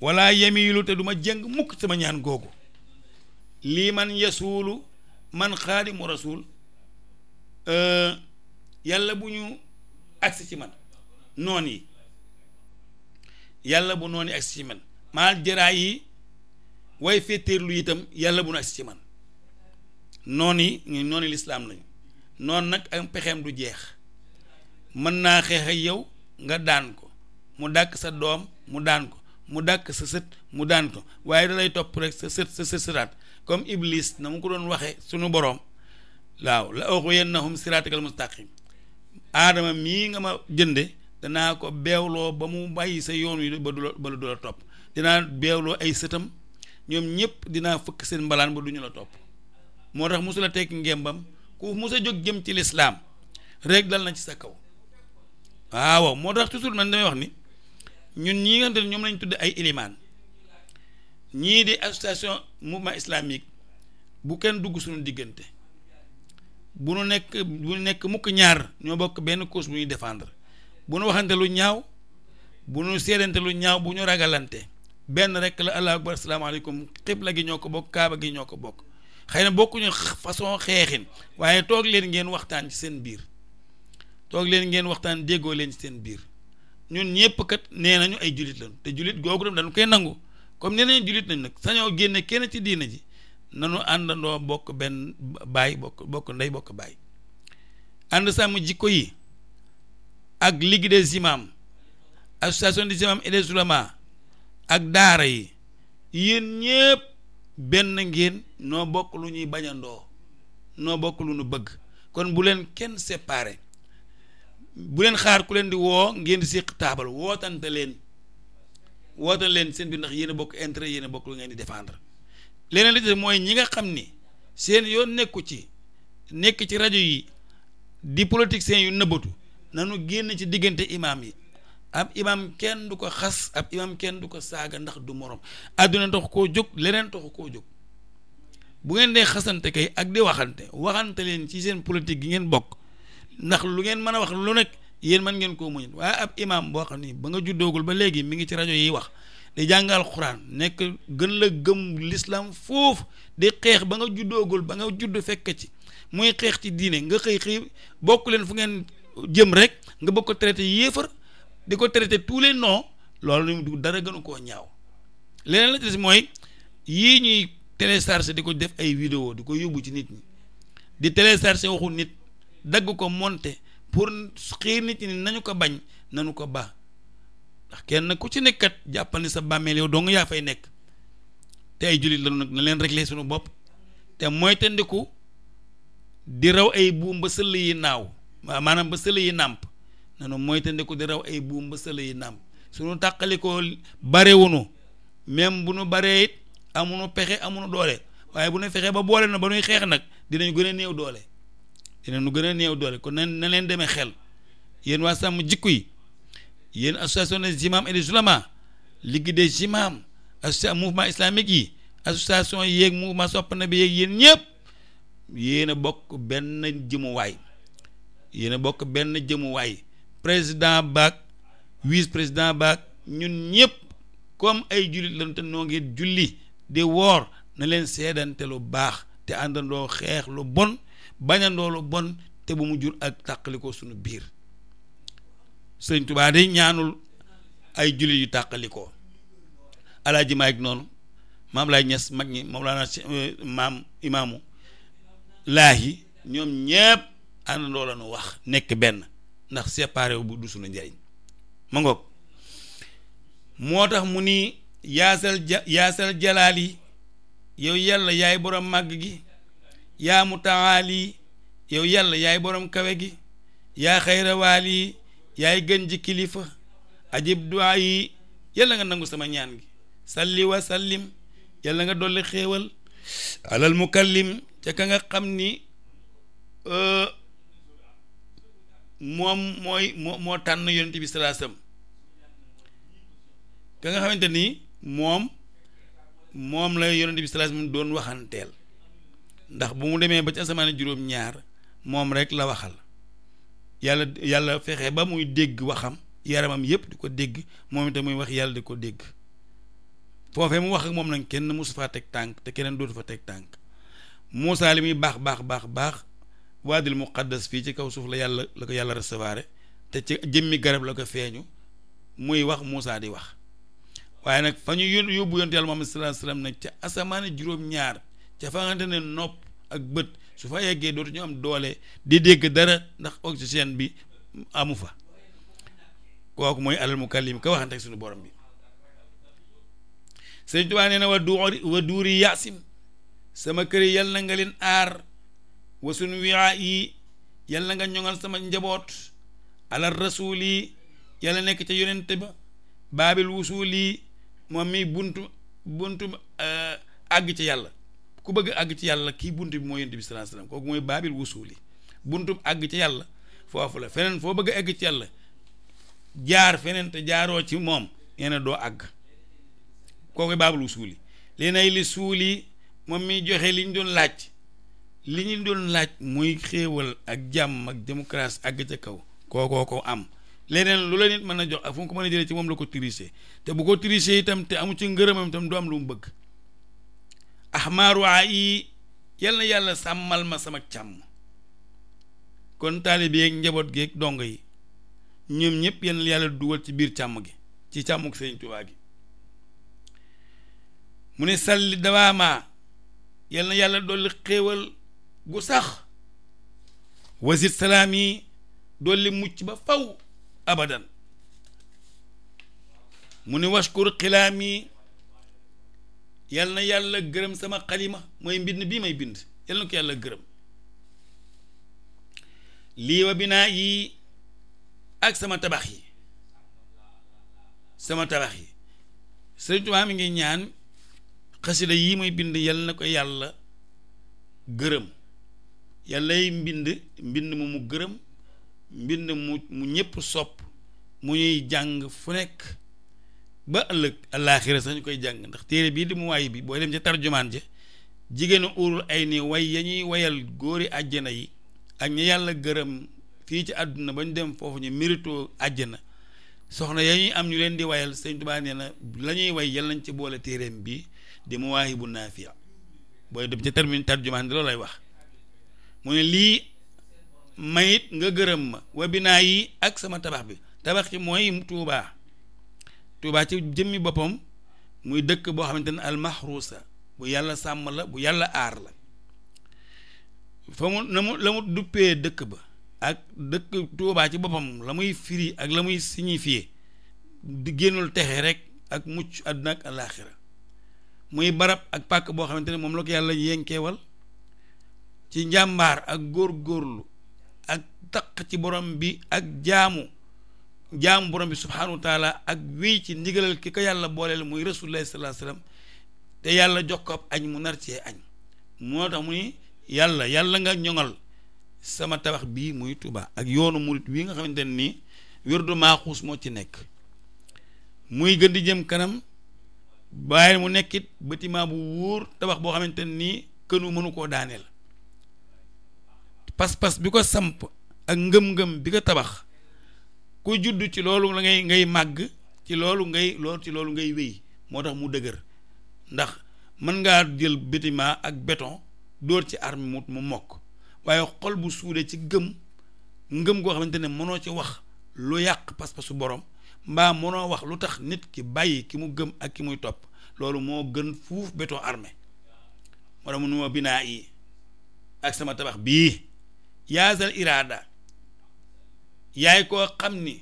wala yamiilu te du ma jëng mukk sama ñaan googu lii man yasuulu man xaadimu rasul euh, yàlla bu ñu agsi ci man noon yi yàlla bu noonu agsi ci man maanaam jëraa yi way féetéerlu itam yàlla bu nu si ci man noon yi ñu noonu lislaam lañu noonu nag ak pexeem du jeex mën naa xeex yow nga daan ko mu dàkk sa doom mu daan ko mu dàkk sa sët mu daan ko waaye dalay topp rek sa sët sa sët sëraat comme ibliis na mu ko doon waxee suñu boroom waaw la ughwiyannahum siraatakal mustaqim aadama mii nga ma jënde danaa ko beewloo ba mu bàyyi sa yoon wi ba du la ba du la topp dinaa beewloo ay sëtam ñoom ñëpp dinaa fëkk seen mbalaan ba du la topp moo tax musu a tekki ngembam ku mus a jóg jëm ci lislaam rek dal na ci sa kaw waaw moo tax toujours man damay wax ni ñun ñi nga xamante ñoom lañ tudde ay ilimaan ñii di association mouvement islamique bu kenn dugg suñu diggante bu nu nekk bu nekk mukk ñaar ñoo bokk benn cause bu ñuy défendre bu nu waxante lu ñaaw bu nu seedante lu ñaaw bu ñu ragalante benn rek la allahu akbar asalaamaaleykum xibla gi ñoo ko bokk kaaba gi ñoo ko bokk xëy na bokkuñu façon xeexin waaye toog leen ngeen waxtaan ci seen biir toog leen ngeen waxtaan déggoo leen ci seen biir ñun ñëpp kat nee nañu ay julit lañu te julit googu dem dañu koy nangu comme nee nañu julit nañ nag sañoo génn kenn ci diina ji nanu àndandoo bokk benn baay bokk bokk ndey bokk baay ànd sàmm jikko yi ak ligue des imams association de imams et des ulama ak daara yi yéen ñépp benn ngeen noo bokk lu ñuy bañandoo noo bokk lu ñu bëgg kon bu leen kenn séparé bu leen xaar ku leen di woo ngeen di séq taabal wootante leen wootante leen seen biir ndax yéen a bokk intérêt yéen a bokk lu ngeen di défendre leneen li ci mooy ñi nga xam ni seen yoon nekku ci nekk ci rajo yi di politiciens yu nëbbatu nanu génn ci diggante imaam yi ab imaam kenn du ko xas ab imaam kenn du ko saaga ndax du morom àdduna tax koo jóg leneen tax koo jóg bu ngeen dee xasante kay ak di waxante waxante leen ci seen politique gi ngeen bokk ndax lu ngeen mën a wax lu nekk yéen mën ngeen koo muñut waaye ab imaam boo xam ni ba nga juddoogul ba léegi mi ngi ci rajo yiy wax di jàngal xuraan nekk gën la gëm lislaam foofu di xeex ba nga juddoogul ba nga judd fekk ci muy xeex ci diine nga xëy xëy leen fu ngeen jëm rek nga bëgg ko traité yéefar di ko traité tous les noo loolu dugg dara gënu koo ñaaw leneen la des mooy yii ñuy télécharger di ko def ay vidéo di ko yóbbu ci nit ñi di télécharger waxu nit dagg ko monter pour xiir nit ñi nañu ko bañ nañu ko ba ndax kenn ku ci nekkat jàppal ni sa bàmmeel yow dong yaa fay nekk te ay jullit la nag na leen régler suñu bopp te mooy te di raw ay buum ba sëll yi naaw maanaam ba sëla yi nàmp nanu moytandiku di raw ay buum ba sëla yi nàmp suñu tàqalikoo barewunu même bu nu baree it amunu pexe amunu doole waaye bu nu fexe ba boole na ba nuy xeex nag dinañ gën a néew doole dinañu gën a néew doole kon na na leen demee xel yéen waa sàmm jikko yi yéen association des imams et des oulémas ligue des imams association mouvement islamique yi association yeeg mouvement sopp na bi yeeg yéen ñëpp yéen a bokk benn jëmuwaay yéen a bokk benn jëmuwaay président baag vice président baag ñun ñëpp comme ay jullit lañu te noo julli di woor na leen seedante lu baax te àndandoo xeex lu bon bañandoo lu bon te bu mu jur ak tàqalikoo suñu biir sëriñ Tubaa de ñaanul ay jullit yu tàqalikoo alaaji maag noonu maam laay ñes mag ñi moom laa naa euh, maam imaamu laahi ñoom ñëpp àndandoo la nu wax nekk benn ndax séparé bu du suñu njariñ ma ngoog moo tax mu ni yaasal ja yaasal jalaal yi yow yàlla yaay borom màgg gi yaa mu taal yow yàlla yaay borom kawe gi yaa xayrawaal yi yaay gën ji kilifa ajib duwaa yi yàlla nga nangu sama ñaan gi salliwa wa sallim yàlla nga dolli xéewal alal mukallim ca ka nga xam ni euh, moom mooy moo moo tànn yonent bi salaa ka nga xamante ni moom moom lay yonent bi salaa doon waxanteel ndax bu mu demee ba ca asamaan juróom-ñaar moom rek la waxal yàlla yàlla fexe ba muy dégg waxam yaramam yépp di ko dégg moom te muy wax yàlla di ko dégg foofee mu wax ak moom nag kenn mosu faa teg tànk te keneen dootu fa teg tànk Moussa li baax baax baax baax waadil muqaddas fii ci kaw suuf la yàlla la ko yàlla recevoir te ci jëmmi garab la ko feeñu muy wax Moussa di wax waaye nag fa ñu yóbbu yonte yàlla Muhammad sallallahu alayhi wasallam ca asamaani juróom-ñaar ca fa nga ne nopp ak bët su fa yeggee dootu am doole di dégg dara ndax oxygène bi amu fa kooku mooy alal mukallim ka waxante ak wa duuri wa sama kër yàlla na nga leen aar wa sun yi yal na nga ñoŋal sama njaboot alal rasuul yi yàlla nekk ca yonente ba baabil wusuul yi moom mi buntu buntu eh, àgg ci yàlla ku bëgg àgg ci yàlla kii bunt bi mooy yonent bi sallallahu alayhi wasallam kooku mooy baabil buntu àgg ci yàlla foofu la feneen foo bëgg a àgg ci yàlla jaar feneen te jaaroo ci moom nee na doo àgg kooku baabul wusuuli li nay li suuli moom mi joxe liñ doon laaj li ñu doon laaj muy xéewal ak jàmm ak démocratie àgg ca kaw kookoo ko am leneen lu la nit mën a jox ak fu mu ko mën a jëlee ci moom la ko tirisee te bu ko tirisee itam te amu ci ngërëmam itam du am lu mu bëgg ahmaaru yi yal na yàlla sàmmal ma sama càmm kon taalibe yeeg njaboot geeg dong yi ñoom ñëpp yal na yàlla dugal ci biir càmm gi ci càmmuk Sëriñ Tuubaa gi mu ne salli dawaamaa yal na yàlla dolli xéewal gu sax wasit salaam yi dolli mucc ba faw abadan mu ne washkur xilaam yi yal na yàlla gërëm sama xalima mooy mbind bii may bind yal na ko yàlla gërëm lii wa binaa yi ak sama tabax yi sama tabax yi Sëriñ Tuubaa mi ngi ñaan xasida yii muy bind yal na ko yàlla gërëm yàllay mbind mbind mu mu gërëm mbind mu mu ñëpp sopp mu ñuy jàng fu nekk ba ëllëg àllaaxira sax ñu koy jàng ndax téere bii di mu waay bi booy dem ca tarjumaan ja jigéenu urul ay ni way ya ñuy wayal góori àjjana yi ak ña yàlla gërëm fii ci àdduna ba ñu dem foofu ñu àjj na soxna ya ñuy am ñu leen di wayal sëñ Tuubaa nee na la ñuy way yàlla nañ ci boole téereem bi di mu waayi bu naafia booy dem ca termine tarjumaan di loolu lay wax mu ne lii mayit nga gërëm ma wa yi ak sama tabax bi tabax ci mooy tuubaa tuubaa ci jëmmi boppam muy dëkk boo xamante ne almahrusa bu yàlla sàmm la bu yàlla aar la fa mu na mu la mu duppee dëkk ba ak dëkk tuubaa ci boppam la muy firi ak la muy signifier di génnul texe rek ak mucc àdduna ak alaaxira muy barab ak pàkk boo xamante ne moom la ko yàlla yenkeewal ci njàmbaar ak góor-góorlu ak taq ci borom bi ak jaamu jaamu borom bi subhaanahu wa ak wéy ci ndigalal ki ko yàlla booleel muy rasulullahi sallallahu te yàlla jox ko ab añ mu nar cee añ moo tax mu ni yàlla yàlla nga ñoŋal sama tabax bii muy tubaa ak yoonu murit wi nga xamante ne nii wérdu maaxuus moo ci nekk muy gën di jëm kanam bàyyi mu nekkit bâtiment bu wóor tabax boo xamante ne nii kënu mënu koo daaneel pas-pas bi ko samp ak ngëm-ngëm bi ko tabax ku juddu ci loolu la ngay ngay màgg ci loolu ngay loolu ci loolu ngay wéy moo tax mu dëgër ndax mën ngaa jël bâtiment ak beton dóor ci arme mut mu mokk waaye xol bu suudee ci gëm ngëm goo xamante ne mënoo ci wax lu yàq pas-pasu borom mbaa mënoo wax lu tax nit ki bàyyi ki mu gëm ak ki muy topp loolu moo gën fuuf béton armé moo tax mu binaa yi ak sama tabax bii yaasal iraada yaay koo xam ni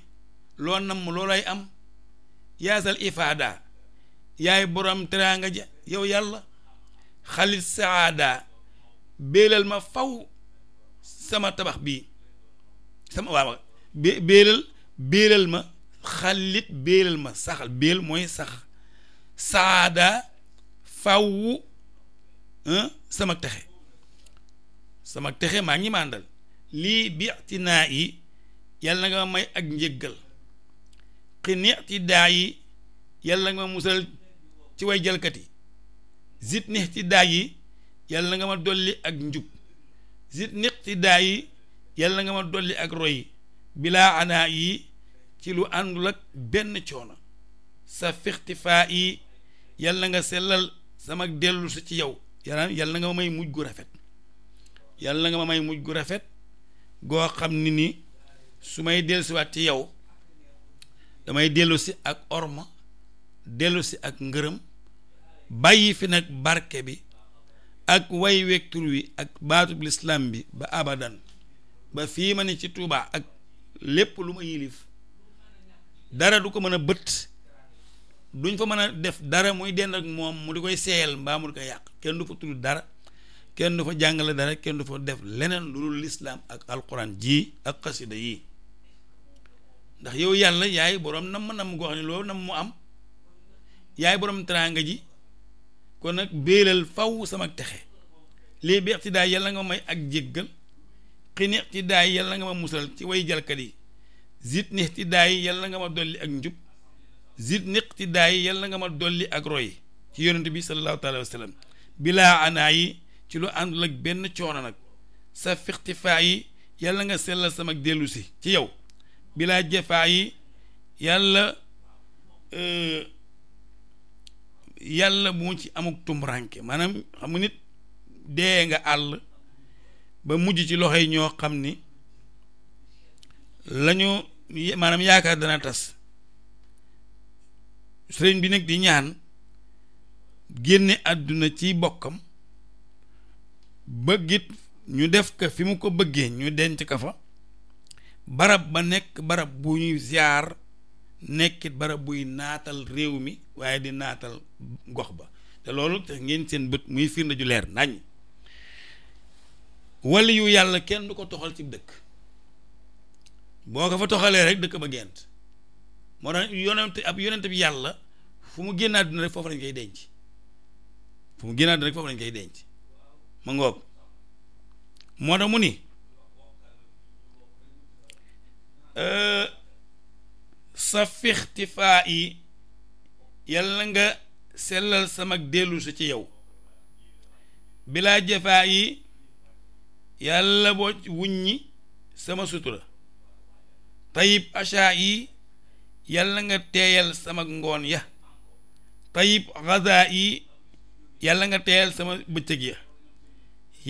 loo namm loolay am yaasal ifaada yaay borom teraanga ja yow yàlla xalit saada béelal ma faw sama tabax bii sama waaw bé béelal ma xalit béelal ma saxal béel mooy sax saada faw wu sama texe sama texe maa ngi màndal lii bitinaa yi yàlla na nga may ak njëggal xinitidaa yi yàlla na nga ma musal ci way jalkat yi zit yi yàlla na nga ma dolli ak njub zit nixtidaa yi yàlla na nga ma dolli ak roy bilaa anaa yi ci lu àndul ak benn coono sa fixtifaa yi yàlla na nga sellal sama dellu si ci yow yàlla na nga may mujj gu rafet yàlla na nga may mujj gu rafet goo xam ni ni su may dellusiwaat ci yow damay dellusi ak orma dellusi ak ngërëm bàyyi fi nag barke bi ak way wektur wi ak baatub lislaam bi ba abadan ba fii ma ne ci Tuubaa ak lépp lu ma yilif dara du ko mën a bët duñ fa mën a def dara muy dend ak moom mu di koy seeyal mbaa mu di koy yàq kenn du fa tudd dara kenn du fa jàngale dara kenn du fa def leneen lu dul lislaam ak alquran ji ak xasida yi ndax yow yàlla yaay boroom nam nam goo xam ne loolu nam mu am yaay boroom traanga ji kon nag béelal faw sama texe lii bi iqtidaay yàlla nga ma may ak jéggal xini iqtidaay yàlla nga ma musal ci way jalkat yi zit ni yal yàlla nga ma dolli ak njub zit ni iqtidaay yàlla nga ma dolli ak roy ci yonent bi sallallahu taala wa bilaa anaa yi ci lu àndul ak benn coono nag sa fixtifaa yàlla nga sellal sama dellusi ci yow bilaa jafaa yi yàlla bu euh, mu ci amuk tumranke maanaam xamu nit dee nga àll ba mujj ci loxo yi ñoo xam ni lañu maanaam yaakaar dana tas sëriñ bi nag di ñaan génne àdduna ci bokkam bëggit ñu def ko fi mu ko bëggee ñu denc ko fa barab ba nekk barab bu ñuy ziar nekkit barab buy naatal réew mi waaye di naatal gox ba te loolu te ngeen seen bët muy firnde ju leer nañ wali yu yàlla kenn du ko toxal ci dëkk boo ko fa toxalee rek dëkk ba gent moo tax yonent ab yonent bi yàlla fu mu génn àdduna rek foofu lañ koy denc fu mu génn àdduna rek foofu lañ koy denc ma ngoog moo tax mu ni euh, sa fixtifaa yi yàlla nga sellal sama dellusi ci yow bilaa jafaa yi yàlla boo wuññi sama sutura tayib achaa yi yàlla nga teeyal sama ngoon ya tayib xazaa yi yàlla nga teeyal sama bëccëg ya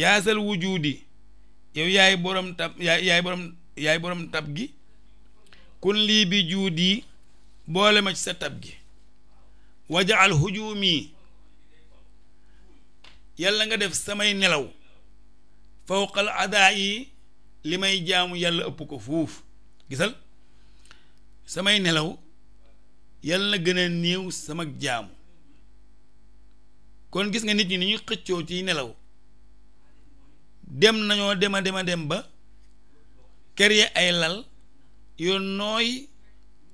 yaasal wujudi yow yaay borom tab yaay borom yaay borom tab gi kun lii bi juudi boole ma ci sa tab gi wajaal hujumi yàlla nga def samay nelaw fawqal adaa yi li may jaamu yàlla ëpp ko fuuf gisal samay nelaw yàlla na gën a néew sama jaamu kon gis nga nit ñi ni ñu xëccoo ciy nelaw dem nañoo dema dema dem ba kër ay lal yu nooy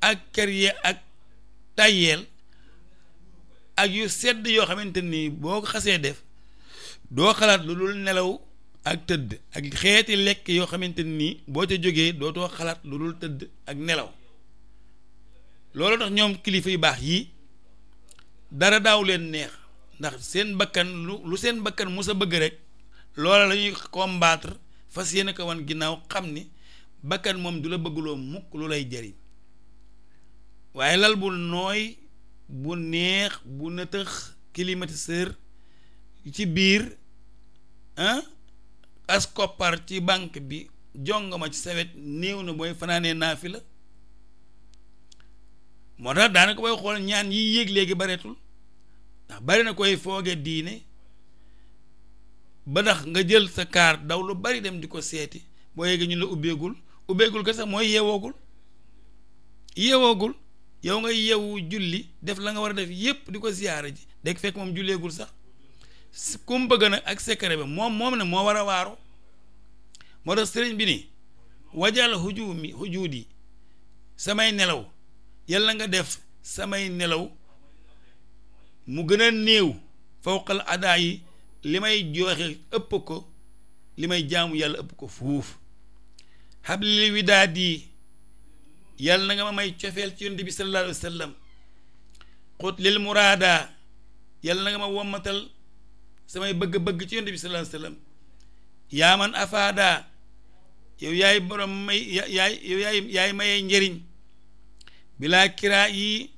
ak kër ak tayeel ak yu sedd yoo xamante nii boo xasee def doo xalaat lu dul nelaw ak tëdd ak xeeti lekk yoo xamante nii boo ca jógee dootoo xalaat lu dul tëdd ak nelaw loolu tax ñoom kilifa yu baax yi dara daaw leen neex ndax seen bakkan lu seen bakkan mu sa bëgg rek loola lañuy ñuy combattre fas yéene ko wan ginnaaw xam ni bakkan moom du la bëgguloo mukk lu lay jëriñ waaye lal bu nooy bu neex bu nëtëx climatiseur ci biir ah as koppar ci banque bi jongama ci sawet néew na booy fanaanee naafi la moo tax daanaka booy xool ñaan yi yéeg léegi bareetul ndax bari na koy fooge diine ba nga jël sa kaar daw lu bari dem di ko seeti boo yeggee ñu la ubbeegul ubbeegul ko sax mooy yeewoogul yeewoogul yow nga yeewu julli def la nga war a def yépp di ko ziyaara ji dégg fekk moom julleegul sax kum bëgg nag ak secret bi moom moom ne moo war a waaro moo tax sëriñ bi nii wajal hujumi hujudi samay nelaw yàlla nga def samay nelaw mu gën a néew fawqal adaa yi li may jooxe ëpp ko li may jaamu yàlla ëpp ko fuuf xablil widaad yi na nga ma may cofeel ci yonent bi sallallahu alayhi wa sallam xut na nga ma wommatal samay bëgg-bëgg ci yonent bi sallallahu alayhi wa sallam yow yaay borom may yaay yow yaay mayee njëriñ bilaa kiraa yi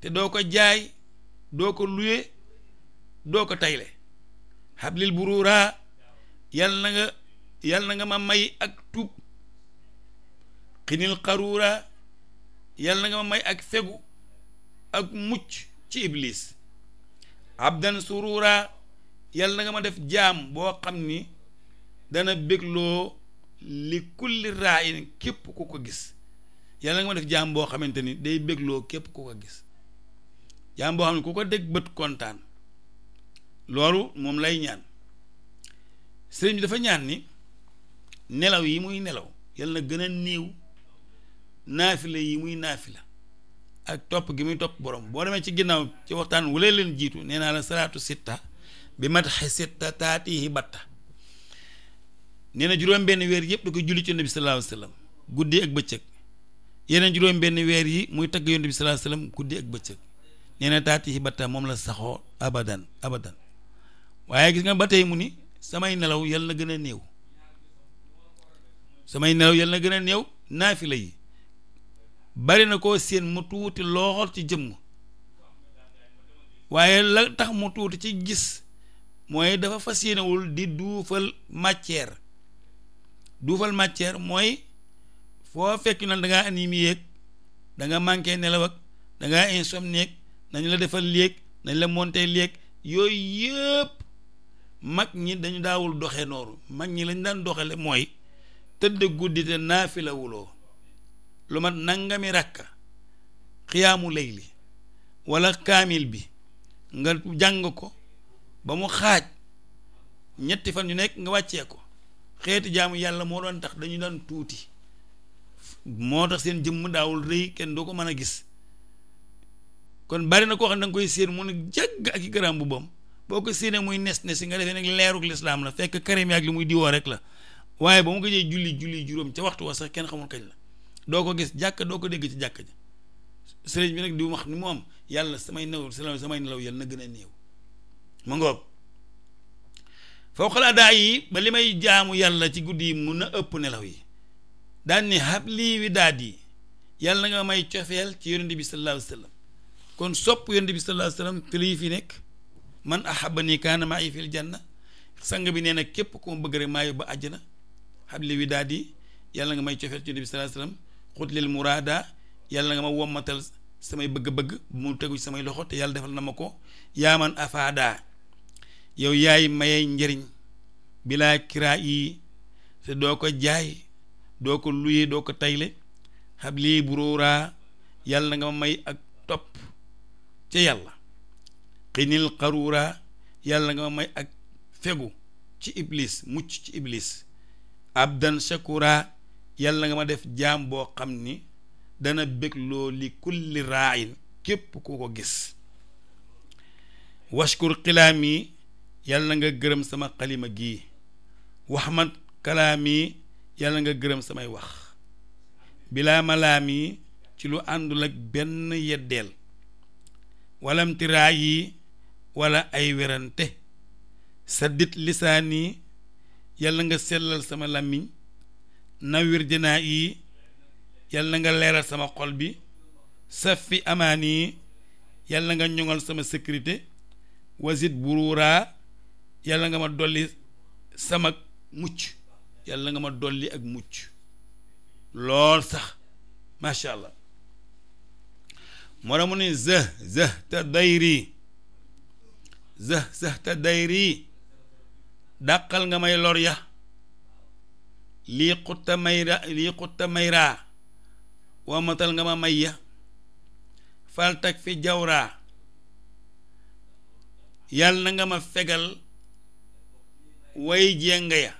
te doo ko jaay doo ko luye doo ko tayle hablil buruura yal na nga yal na nga ma may ak tub xinil xaruura yal na nga ma may ak fegu ak mucc ci iblis dan surura yal na nga ma def jaam boo xam ni dana bégloo li kulli raayin képp ku ko gis yal na nga ma def jaam boo xamante ni day bégloo képp ku ko gis jaam boo xam ne ku ko dégg bët kontaan loolu moom lay ñaan sëriñ bi dafa ñaan ni nelaw yi muy nelaw yàlla na gën a néew naafila yi muy naafila ak topp gi muy topp borom boo demee ci ginnaaw ci waxtaan wulee leen jiitu nee naa la salaatu sitta bi mataxe sitta taatihi batta nee na juróom-benn weer yëpp da koy julli ci bi sallallahu alayhi wa sallam guddi ak bëccëg yeneen juróom-benn weer yi muy tagg yonent bi sallallahu alayhi wa sallam guddi ak bëccëg nee na taatihi batta moom la saxoo abadan abadan waaye gis nga ba tey mu ni samay nelaw yal na gën a néew samay nelaw yal na gën a néew naafila yi bari na koo séen mu tuuti lool ci jëmm waaye la tax mu tuuti ci gis mooy dafa fas yéenewul di duufal matière duufal matière mooy foo fekk na da ngaa animé yeeg da manqué nelaw ak da ngaa insomnie nañ la defal léeg nañ la monté léeg yooyu yëpp mag ñi dañu daawul doxe nooru mag ñi lañ daan doxale mooy tëdd guddi te naafila lu mat nangami rakka xiyaamu layli wala kaamil bi nga jàng ko ba mu xaaj ñetti fan yu nekk nga wàccee ko xeeti jaamu yàlla moo doon tax dañu daan tuuti moo tax seen jëmm daawul rëy kenn doo ko mën a gis kon bari na koo xam ne danga koy séen mu ne jàgg ak i garaam bu bam boo ko séenee muy nes ne si nga defee nag leerug lislaam la fekk karim ak li muy diwoo rek la waaye ba mu ko jee julli julli juróom ca waxtu wa sax kenn xamul kañ la doo ko gis jàkka doo ko dégg ci jàkk ji sëriñ bi nag di wax ni mu am yàlla samay nelaw samay nelaw yàlla na gën a néew ma ngoog fawqal adaa yi ba li may jaamu yàlla ci guddi yi mun na ëpp nelaw yi daan ni hab lii wi yi yàlla na nga may cofeel ci yonent bi sallallahu alayhi kon sopp yonent bi sallallahu alayhi wa sallam te fi nekk man ahabani kaana maa yi fil janna sang bi nee na képp ku ma bëgg ba àjj na àjjana xabli wi daal di yàlla nga may cofeel ci nabi sallallahu alayhi wasallam xutlil yàlla nga ma wommatal samay bëgg mu tegu samay loxo te yàlla defal na ma ko yaaman afaada yow yaay maye njariñ bilaa kiraa yi te doo ko jaay doo ko luyee doo ko tayle xabli buróoraa yàlla nga may ak topp ca yàlla xinil xaruura yàlla nga may ak fegu ci iblis mucc ci iblis abdan shakura yàlla nga ma def jaam boo xam ni dana bégloo li kulli raayin képp ku ko gis washkur xilaam yi yàlla nga gërëm sama xalima gii waxmat kalaam yàlla nga gërëm samay wax bilaa malaam ci lu àndul ak benn yeddeel walamtiraay yi wala ay werante saddit lisaani yàlla nga sellal sama làmmiñ nawir jënaa yi yàlla nga leeral sama xol bi sa fi amaan yi yàlla nga ñoŋal sama sécurité wasit buruuraa yàlla nga ma dolli sama mucc yàlla nga ma dolli ak mucc lool sax macha allah moo tax mu ne zëh zëh te dayri zëh zëh ta dayri dàqal nga may lor ya lii xutta mayra lii xutta wamatal nga ma may ya faltak fi jawraa yàlla na nga ma fegal way jéng ya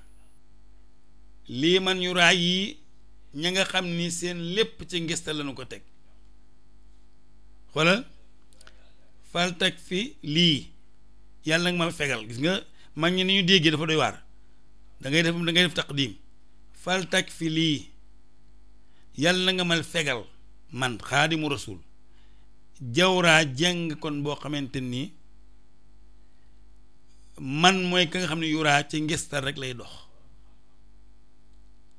lii man ñu raay yi ña nga xam ni seen lépp ci ngista lañu ko teg xoolal faltak fi lii yàlla nag ma fegal gis nga mag ñi ni ñu déggee dafa doy waar da def da ngay def taqdim fal tak fi lii yàlla nga mal fegal man mu rasul jawraa jàng kon boo xamante nii man mooy ka nga xam ne yuraa ci ngestal rek lay dox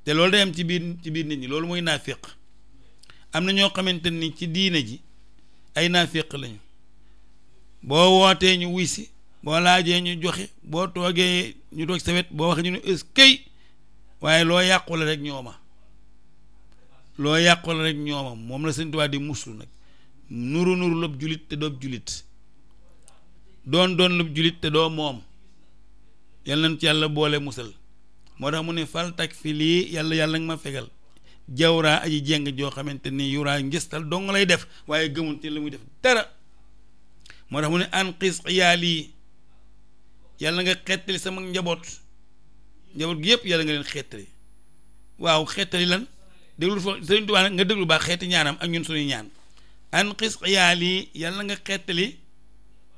te loolu day am ci biir ci biir nit ñi loolu mooy naafiq am na ñoo xamante ni ci diine ji ay naafiq lañu boo wootee ñu wuy si boo laajee ñu joxe boo toogee ñu doog sa boo waxee ñu ne est-ce waaye loo yàqu la rek ñooma loo yàqu rek ñooma moom la sëñ Tuubaa di muslu nag nuru nuru lëb julit te doo julit doon doon lëb julit te doo moom yal nañ ci yàlla boole musal moo tax mu ne fal tak fi lii yàlla yàlla nga ma fegal jawraa aji jeng joo xamante ni yuraa njëstal dong lay def waaye gëmul te la muy def dara moo tax mu ne an xis xiyaal yàlla nga xettali sama njaboot njaboot gi yëpp yàlla nga leen xettali waaw xettali lan déglu fa Sëriñ Tuubaa nag nga déglu baax xeeti ñaanam ak ñun suñuy ñaan an xis yaali yàlla nga xettali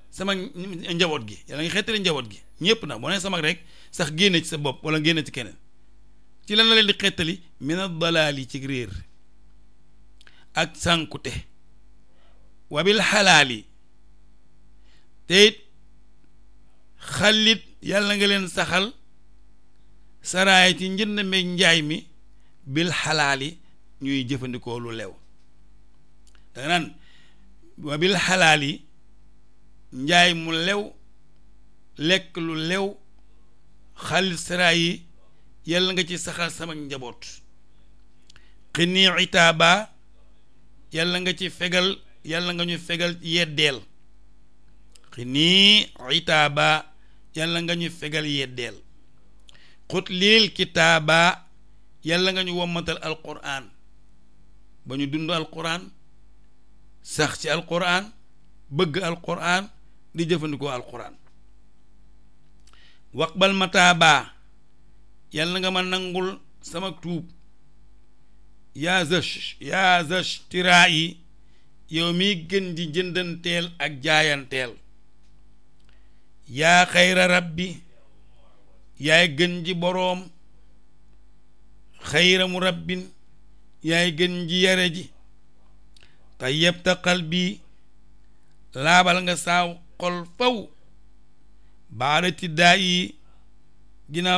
sama njaboot gi yàlla nga xettali njaboot gi ñëpp nag boo nee sama rek sax génne ci sa bopp wala génne ci keneen ci lan la leen di xettali min ad-dalaal yi ci réer ak sànkute wabil xalaal yi te xalit yàlla nga leen saxal saraay ci njënd meeg njaay mi bil xalaali ñuy jëfandikoo lu lew danga naan wa bil xalaali njaay mu lew lekk lu lew xalit saraay yi yàlla nga ci saxal sama njaboot xini itaaba yàlla nga ci fegal yàlla nga ñu fegal yeddeel xini itaaba yàlla nga ñu fegal yeddeel xutlil kitaaba yàlla nga ñu wommatal alquran ba ñu dund alquran sax ci alquran bëgg alquran di jëfandikoo alquran waqbal mataaba yàlla nga ma nangul sama tuub yaa zash yaa zash tiraa yow miy gën ji jëndanteel ak jaayanteel yaa xayra rabbi yaay gën ji boroom mu rabbin yaay gën ji yare ji te yebta qalbi laabal nga saaw xol faw baada ti daa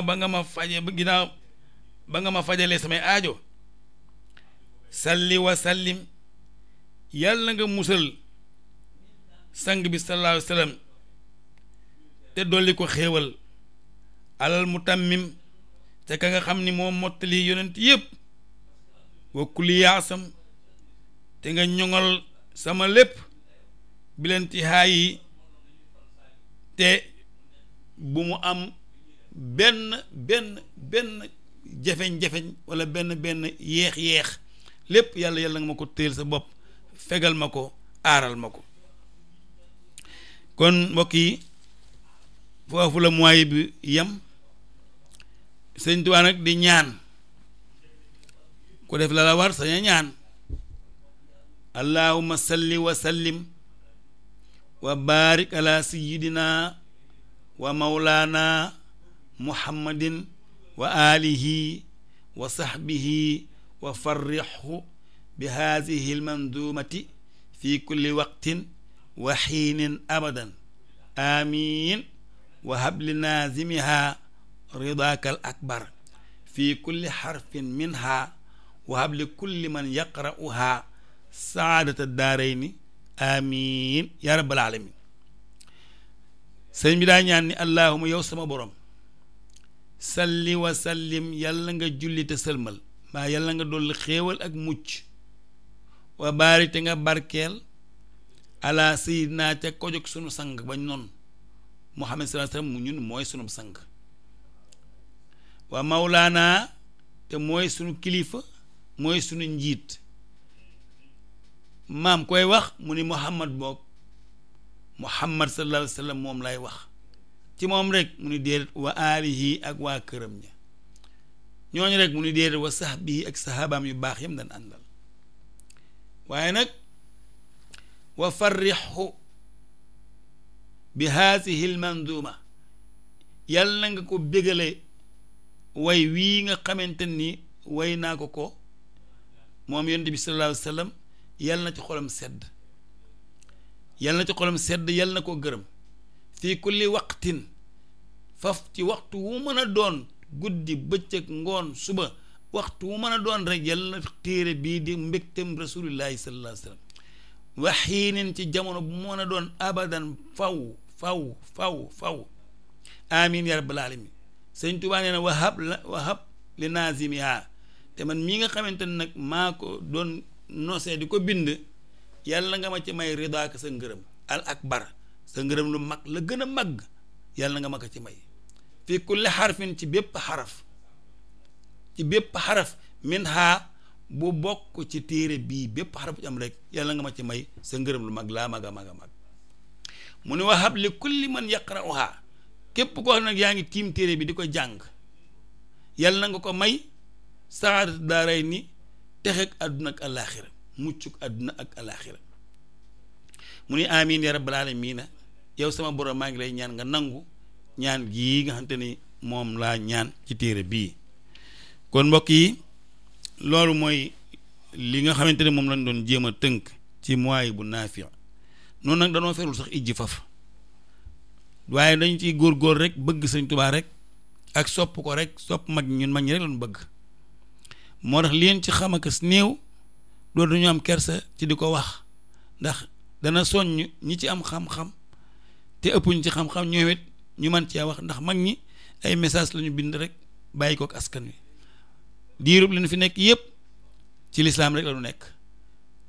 ba nga ma faje ginnaaw ba nga ma fajalee samay aajo salli wa sallim yàlla nga musal sang bi sallallahu alayhi wa sallam te dolli ko xéewal alal mu tàmmim te ka nga xam ni moo mottali yonent yépp wa kulli yaasam te nga ñoŋal sama lépp bilenti haay yi te bu mu am benn benn benn jafeñ-jafeñ wala benn benn yeex-yeex lépp yàlla yàlla nga ma ko téel sa bopp fegal ma ko aaral ma ko kon mbokk yi foofu la mooy bi yem sëñ Tuubaa nag di ñaan ku def la la war sañ a ñaan allahumma salli wa sallim wa barik ala sayyidina wa mawlana muhammadin wa alihi wa sahbihi wa farrixhu bi haadihi almanzumati fi kulli waqtin wa xiinin abadan amin wa habli naazimiha ridaakal akbar fi kulli xarfin minha wa habli kulli man yaqra'uha saadata daarayni amin ya rabbal alamin sëñ bi daa ñaan ni allahuma yow sama borom salli wa sallim yàlla nga julli te sëlmal mbaa yàlla nga dolli xéewal ak mucc wa baari te nga barkeel ala sayidnaa ca kojog sunu sang bañ noonu muhammad sallallahu alayhi wasallam ñun mooy sunu sang waa mawlaana te mooy sunu kilifa mooy sunu njiit maam koy wax mu ni muhammad book muhammad sallallahu alayhi moom lay wax ci moom rek mu ni déedéet wa aalihi ak waa këram ña ñooñ rek mu ni déedéet wa sahbihi ak sahabaam yu baax yam daan àndal waaye nag wa farrixu bi haasihi l manzuma yàlla na nga ko bégale way wii nga xamante ni way naa ko ko moom yonent bi sallallahu alayhi wa sallam na ci xolam sedd yàlla na ci xolam sedd yàlla na ko gërëm fii kulli waqtin faf ci waxtu wu mën a doon guddi bëccëg ngoon suba waxtu wu mën a doon rek yàlla na téere bii di mbégtem rasulillahi sallallahu alayhi wa waxiinin ci jamono bu mën a doon abadan faw faw faw faw amin ya rabbal alamin sëñ Tuubaa nee wahab la wahab li naazimiha te man mii nga xamante ne nag maa ko doon nosee di ko bind yàlla nga ma ci may ridaak sa ngërëm al akbar sa ngërëm lu mag la gën a mag yàlla nga ma ko ci may fii kulli xarfin ci bépp xaraf min haa bu bokk ci téere bii bépp xaraf ci am rek yàlla nga ma ci may sa ngërëm lu mag laa mag a mag a mag mu ne wahab li kulli man yaqra'uha képp koo xam ne yaa ngi tiim téere bi di ko jàng yàlla na nga ko may saadat daaray ni texe àdduna ak alaaxira muccuk àdduna ak alaaxira mu ne amin ya rabbal alamina yow sama borom maa ngi lay ñaan nga nangu ñaan gii nga xamante ni moom laa ñaan ci téere bii kon mbokk yi loolu mooy li nga xamante ne moom lañ doon jéem a tënk ci mooy bu naafi noonu nag danoo ferul sax ijji faf waaye dañ ciy góor-góor rek bëgg sëñ tubaa rek ak sopp ko rek sopp mag ñun mag ñi rek lañu bëgg moo tax leen ci xam akas néew loolu dañu am kerse ci di ko wax ndax dana soññ ñi ci am xam-xam te ëppuñ ci xam-xam ñoowet ñu mën cee wax ndax mag ñi ay message la ñu bind rek bàyyi kook askan wi diirub li nu fi nekk yépp ci lislaam rek la nu nekk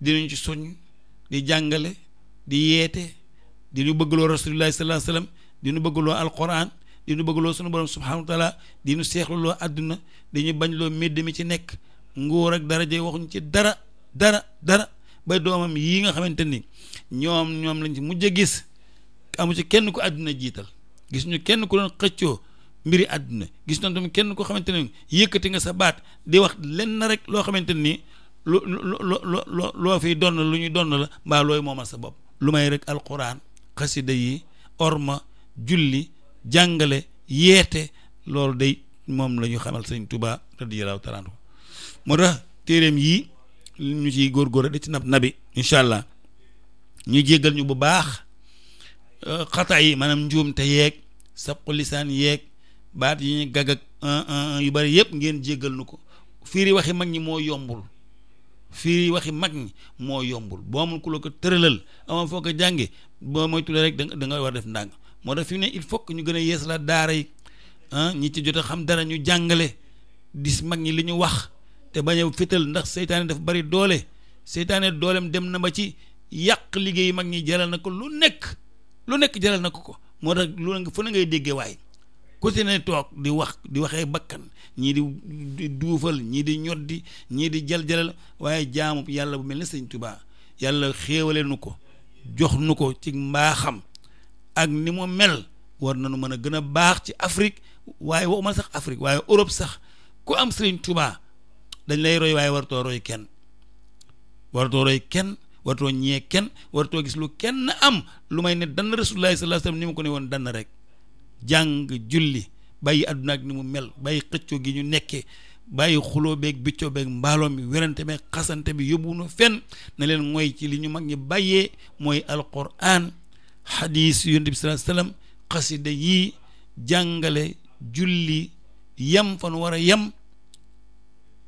dinañ ci soññ di jàngale di yeete di nu bëggloo rasulillahi sallallahu alayhi wasallam di nu bëggloo alquran di nu bëggloo sunu borom subhanahu wa taala di nu seexluloo àdduna di bañ loo médd mi ci nekk nguur ak daraje waxuñ ci dara dara dara ba doomam yii nga xamante ni ñoom ñoom lañ ci mujj a gis amu ci kenn ku àdduna jiital gis ñu kenn ku doon xëccoo mbiri àdduna gis nañ tam kenn koo xamante ne yëkkati nga sa baat di wax lenn rek loo xamante ni lu lu loo fi donn lu ñuy donn la mbaa looy moomal sa bopp lu may rek alquran xasida yi orma julli jàngale yeete loolu day moom la ñu xamal sëñ tubaa radiyallaahu taala anhu moo tax téeréem yii ñu ciy góorgóor di ci nab nabi incha allah ñu jéggal ñu bu baax xataa yi maanaam njuumte yeeg saqu lisaan yeeg baat yi ñu gag ak yu bari yëpp ngeen jéggal nu ko fiiri waxi mag ñi moo yombul fiiri waxi mag ñi moo yombul boo amul ku ko tëralal amoon foo ko jànge boo mooy tulee rek danga nga war def ndànk moo tax fi mu ne il faut que ñu gën a yees la daara yi ah, ñi ci jot a xam dara ñu jàngale dis mag ñi li ñu wax te bañ a fétal ndax seytaane dafa bari doole seytaane doolem dem na ba ci yàq liggéey mag ñi jaral na ko lu nekk lu nekk jaral na ko ko moo tax nga fu ne ngay déggee ku si ne toog di wax di waxee bakkan ñii di duufal ñii di ñoddi ñii di jal-jalal waaye jaamu yàlla bu mel ne sëñ tubaa yàlla xéewale nu ko jox nu ko ci mbaaxam ak ni mu mel war nañu mën a gën a baax ci Afrique waaye waxuma sax Afrique waaye Europe sax ku am sëriñ tubaa dañ lay roy waaye wartoo roy kenn wartoo roy kenn wartoo ñee kenn wartoo gis lu kenn am lu may ne dann rasulullahi sallallahu alayhi wasallam ni mu ko ne woon dann rek jàng julli bàyyi àdduna ak ni mu mel bàyyi xëccoo gi ñu nekkee bàyyi xuloo beeg biccoo beeg mbaaloom bi werante beeg xasante bi yóbbuwunu fenn na leen mooy ci li ñu mag ñi bàyyee mooy alquran xadiis yonent bi sallallahu alayhi wasallam jàngale julli yem fan yem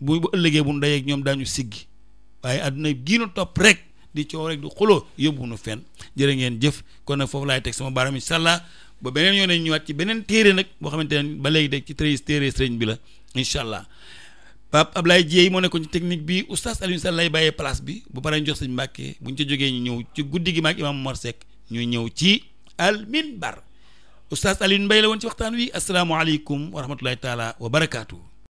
bu ëllëgee bu ndey ñoom daañu siggi waaye àdduna gii nu topp rek di coow rek di xuloo yóbbuwunu fenn ngeen jëf kon nag foofu laay teg sama baaraam incha ba beneen yoon nañ ñëwaat ci beneen téere nag boo xamante ne ba léegi de ci treize téere sëriñ bi la incha allah Pape Ablaye Dieye moo nekkoon ci technique bi oustaz Alioune Sall lay bàyyee place bi bu paree ñu jox sëñ Mbàkke bu ñu ci jógee ñu ñëw ci guddi gi maag imaam Mor Seck ñu ñëw ci al minbar oustaz Alioune Mbaye la woon ci waxtaan wi asalaamaaleykum wa rahmatullahi taala wa